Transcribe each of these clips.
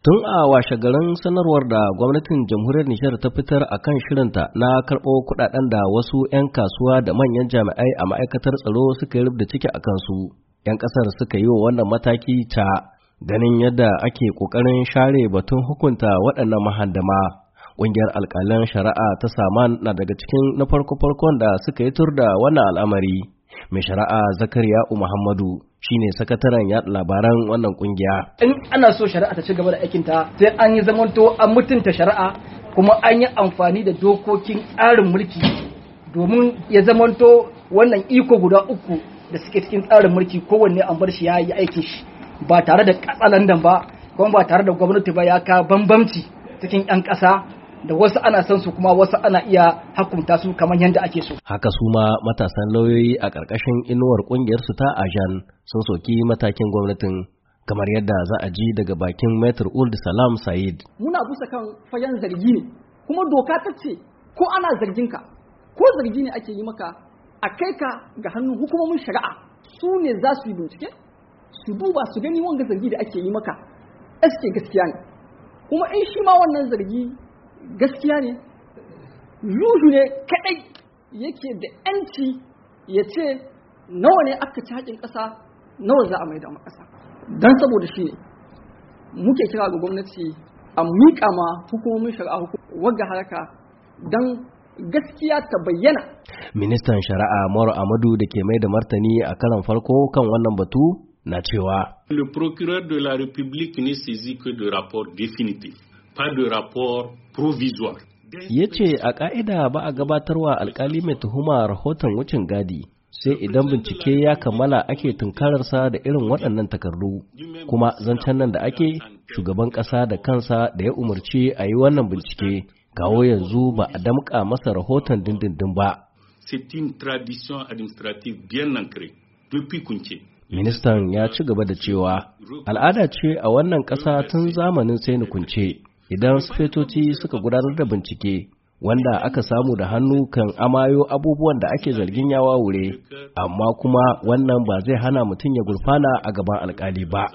Tun a washegarin sanarwar da gwamnatin jamhuriyar Nijar ta fitar a kan shirinta na karɓo kuɗaɗen da wasu 'yan kasuwa da manyan jami'ai a ma'aikatar tsaro suka yi da ciki a kansu, 'yan ƙasar suka yi wa wannan mataki ta ganin yadda ake ƙoƙarin share batun hukunta waɗannan mahandama. Ƙungiyar alƙalan shari'a ta saman na daga cikin na farko-farkon da suka yi tur da wannan al'amari. Mai shari'a Zakariya Muhammadu shine sakataren ya labaran wannan kungiya. In ana so shari'a ta ci gaba da aikinta sai an yi zamanto an mutunta shari'a kuma an yi amfani da dokokin tsarin mulki domin ya zamanto wannan iko guda uku da suke cikin tsarin mulki kowanne an bar shi ya yi aikin shi ba tare da katsalandan ba kuma ba tare da gwamnati ba ya ka bambamci cikin 'yan ƙasa da wasu ana san su kuma wasu ana iya hakunta su kamar yadda ake so. Haka su ma matasan lauyoyi a ƙarƙashin inuwar ƙungiyar su ta Ajan sun soki matakin gwamnatin kamar yadda za a ji daga bakin Metr Uld Salam Said. Muna busa kan fayan zargi ne kuma doka ta ce ko ana zargin ka ko zargi ne ake yi maka a kai ka ga hannun hukumomin shari'a su ne za su yi bincike su duba su gani wanga zargi da ake yi maka eske gaskiya ne kuma in shi ma wannan zargi gaskiya ne ruhu ne kadai yake da yanci ya ce nawa ne aka ci haƙin ƙasa nawa za a mai da ƙasa don saboda shi ne muke kira ga gwamnati a miƙa ma hukumomin shari'a wagga haraka don gaskiya ta bayyana. Ministan shari'a Moro Amadu da ke mai da martani a karan farko kan wannan batu na cewa. Le procureur de la République ne saisit que de rapport définitif, pas de rapport provisoire ya ce a ƙa'ida ba a gabatarwa alkali mai tuhuma rahoton wucin gadi sai idan bincike ya kammala ake tunkararsa da irin waɗannan takardu kuma zancen nan da ake shugaban ƙasa da kansa da ya umarci a yi wannan bincike kawo yanzu ba a damƙa masa rahoton dindindin ba ministan ya ci gaba da cewa al'ada ce a wannan ƙasa tun zamanin sai kunce idan sufetoci suka gudanar da bincike wanda aka samu da hannu kan amayo abubuwan da ake zargin yawa wure amma kuma wannan ba zai hana mutum ya gurfana a gaban alkali ba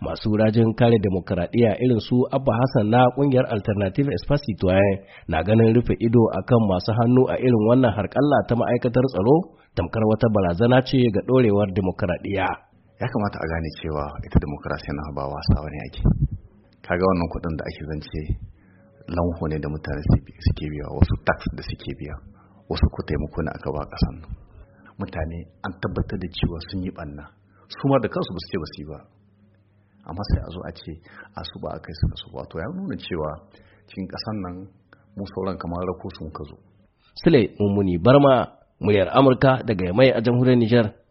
masu rajin kare demokaradiyya irin su abba hassan na kungiyar alternative espacito na ganin rufe ido akan masu hannu a irin wannan harkalla ta ma'aikatar tsaro tamkar wata barazana ce ga dorewar demokaradiyya ya kamata a gane cewa ita demokrasiya na ba wasa wani ake kaga wannan kuɗin da ake zance lanho ne da mutane suke biya wasu tax da suke biya wasu ku taimako ne aka ba kasan mutane an tabbatar da cewa sun yi banna su ma da kansu ba su ce ba su yi ba amma sai a zo a ce a su ba a kai su kasu wato ya nuna cewa cikin kasan nan mu sauran kamar rako sun ka zo sule mummuni barma muryar amurka daga mai a jamhuriyar nijar